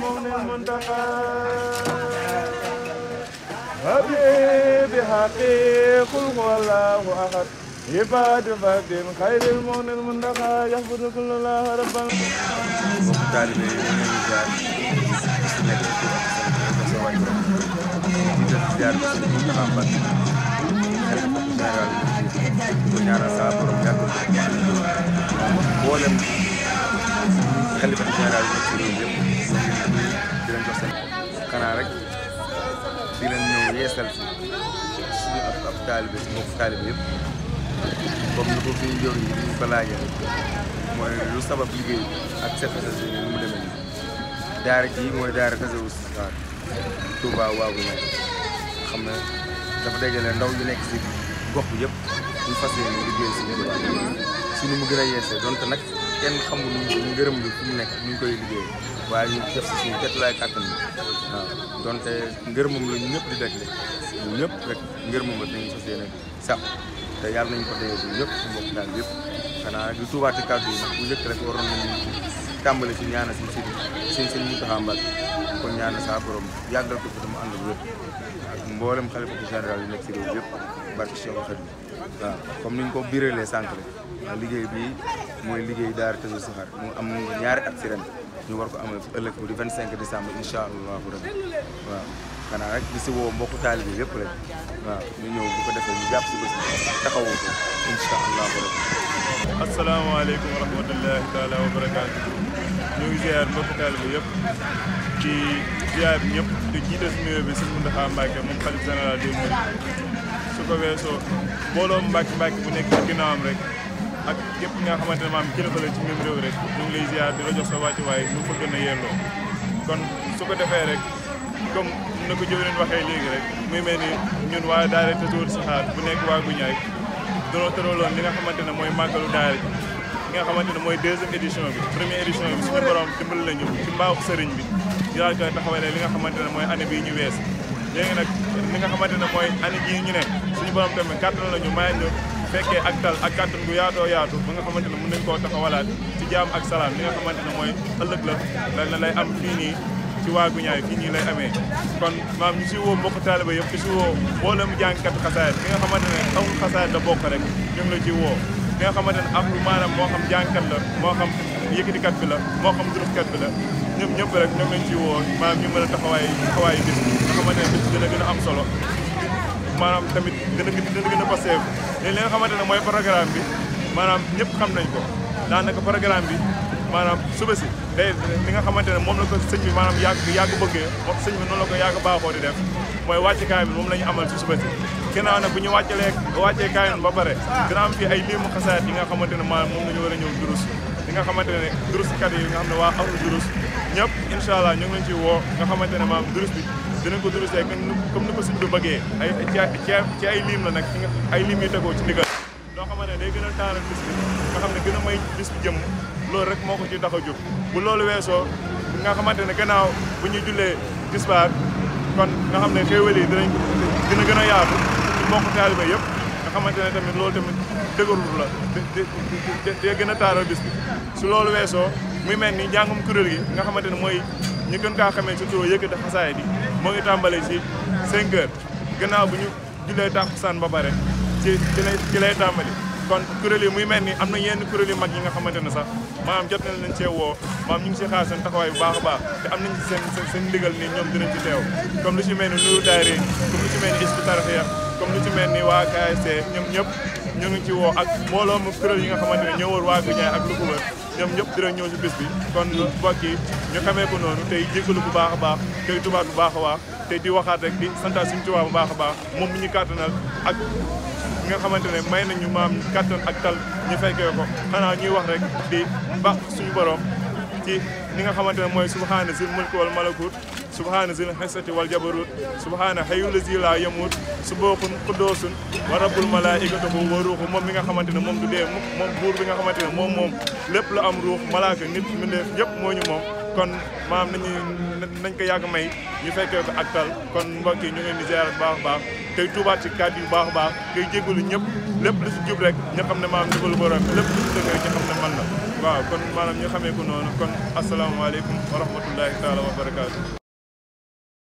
المؤمن المنتقى حبيبي حقيق والله أحد يبعد فدين خير المؤمن المنتقى يحفظ كل الله رب العالمين. xalifa général bi ci réew yëpp di leen jox seen xanaa rek di leen ñëw yeesal si suñu ab ab taalibe si mbokk taalibe yëpp comme ni ko fi ñu jor yi ñu ko laajee mooy lu sabab liggéey ak seqasa si mu demee nii daara ji mooy daara Tasawudu Sixaar Touba waagu na xam ne dafa dajale ndaw ñu nekk si gox bi yëpp ñu fas yéene liggéey si suñu mu gën a yeesee donte nag kenn xamul ngërëm li fu mu nekk ñu ngi koy liggéey waaye ñu def si suñu ket laay kàttan bi waaw donte di dajle ñu ñëpp rek ngërëmam la dañu fas te yàlla nañ ko dee si ñëpp si mbokk daal yëpp xanaa di tuubaati kàddu yi nag bu njëkk rek waroon nañu tàmbali ci ñaana si si seen seen Mountakha Mbacké kon ñaana saa borom yàggal ko fi dama ànd ak wér ak mboolem xalifa général yi nekk si réew yëpp السلام عليكم ورحمة الله تعالى وبركاته. نيو زيار مقتال بيب كي زيار نيب تجيد اسمي بسم الله ما كان من خالد زنا لديمون ko weesoo mbooloo Mbàkke Mbàkke bu nekk ci ginnaawam rek ak képp nga a ne maam kilifa la ci même réew rek ñu ngi lay ziar di la jox sa wàccuwaay lu ko gën a yelloo kon su ko defee rek comme na ko jëwriñ waxee léegi rek muy mel ni ñun waa daara Tazawudu Saxaar bu nekk waa Guñaay danoo tëraloon li nga xamante ne mooy màggalu daara ji li nga ne mooy deuxième édition bi première édition bi suñu borom dimbali nañu ci mbaaxu sëriñ bi dinaa koy taxawalee li nga xamante ne mooy année bii ñu wees léegi nag ne mooy année jii ñu ne suñu borom tamit kàttan la ñu may ñu fekkee ak tal ak kàttan gu yaatoo yaatu ba nga xamante ne mën koo taxawalaat ci jaam ak salaam li nga xamante ne mooy ëllëg la la lay am fii nii ci waagu ñaay fii nii lay amee kon maam ñu si woo mbokk taaliba yëpp ñu si woo mboolem jàngkatu xasaayat bi nga xamante ne amul xasaayat da bokk rek ñu ngi la ci woo bi nga xamante ne am lu maanaam moo xam jàngkat la moo xam yëkkatikat bi la moo xam durufkat bi la ñëpp ñëpp rek ñu ngi lañ ci woo maam ñu mën a taxawaay taxawaayu bis a am solo maanaam tamit gën a gën a gën a passeeku nga xamante ne mooy programme bi maanaam ñëpp xam nañ ko daanaka programme bi maanaam suba si day ni nga xamante ne moom la ko sëñ bi maanaam yàgg yàgg bëggee moom sëñ ko yàgg baaxoo di def mooy wàccukaay bi moom la ñu amal si suba si ginnaaw bu ñu wàccalee wàccee kaayoon ba pare dina am fii ay liimu xasaayat nga xamante ne maanaam moom la ñu war a ñëw durus li nga xamante ne duruskat yi nga xam ne waa amul durus ñëpp incha allah ñu ngi leen woo nga xamante ne maanaam durus bi dinañ ko durusee comme ni ko suñ bi bëggee ay ci ay lim la nag ay lim yu tegoo ci ndigal loo xam ne day gën a taaral bis nga xam ne gën a may jëm loolu rek moo ko ci tax a jóg bu loolu weesoo nga xamante ne gannaaw bu ñuy jullee tisbaar kon nga xam ne xéewal yi dinañ dina gën a yaatu ci mbokk taaliba yëpp nga xamante ne tamit loolu tamit dëgërul la te gën a taaral bis bi su loolu weesoo muy mel ni njàngum kuréel gi nga xamante ne mooy ñu gën kaa xamee surtout yëkkati xasaay di moo ngi si 5 heures gannaaw bu ñu jullee tàkkusaan ba bare ci ci lay ci lay tàmbali kon kuréel yi muy mel ni am na yenn kuréel yu mag yi nga xamante ne sax maanaam jot nañ leen cee woo maanaam ñu ngi si xaar seen taxawaay bu baax a baax te am na si seen seen ndigal ni ñoom dinañ ci teew comme lu si mel ni Nuuru Daayira comme lu si mel ni Hizbut comme lu ci mel ni waa KSC ñoom ñëpp ñu ngi ci woo ak mbooloo mu kuréel yi nga xamante ne ñëwoon waa Guédiawaye ak lu ko wër ñëpp dina ñëw si bis bi kon mbokk yi ñu xamee ku noonu tey jégalu bu baax a baax tey tubaab bu baax a baax te di waxaat rek di santaat suñu tubaab bu baax a baax moom mi ñu kàttanal ak nga xamante ne may ñu maam kàttan ak tal ñu fekkee ko xanaa ñuy wax rek di baax suñu borom ci li nga xamante ne mooy subhaana sil ko wal malakut subhana zil xisati wal jabarut subhana xayu lazi la yamut subooxun xuddoosun wa rabbul malaikatahu wa ruuxu moom mi nga xamante ne moom du dee mukk moom buur bi nga xamante ne moom moom lépp la am ruux malaaka nit mbindeef yëpp moo ñu moom kon maam nañu nañ ko yàgg may ñu fekkee ko ak tal kon mbokk yi ñu ngi leen di ziyaar baax a baax tey tuubaat ci yu baax a baax tey jégalu ñëpp lépp lu si jub rek ñu xam ne maam ndigalu borom lépp lu si dëng rek ñu xam ne man la waaw kon maanaam ñu xamee ko noonu kon asalaamaaleykum wa rahmatullahi taala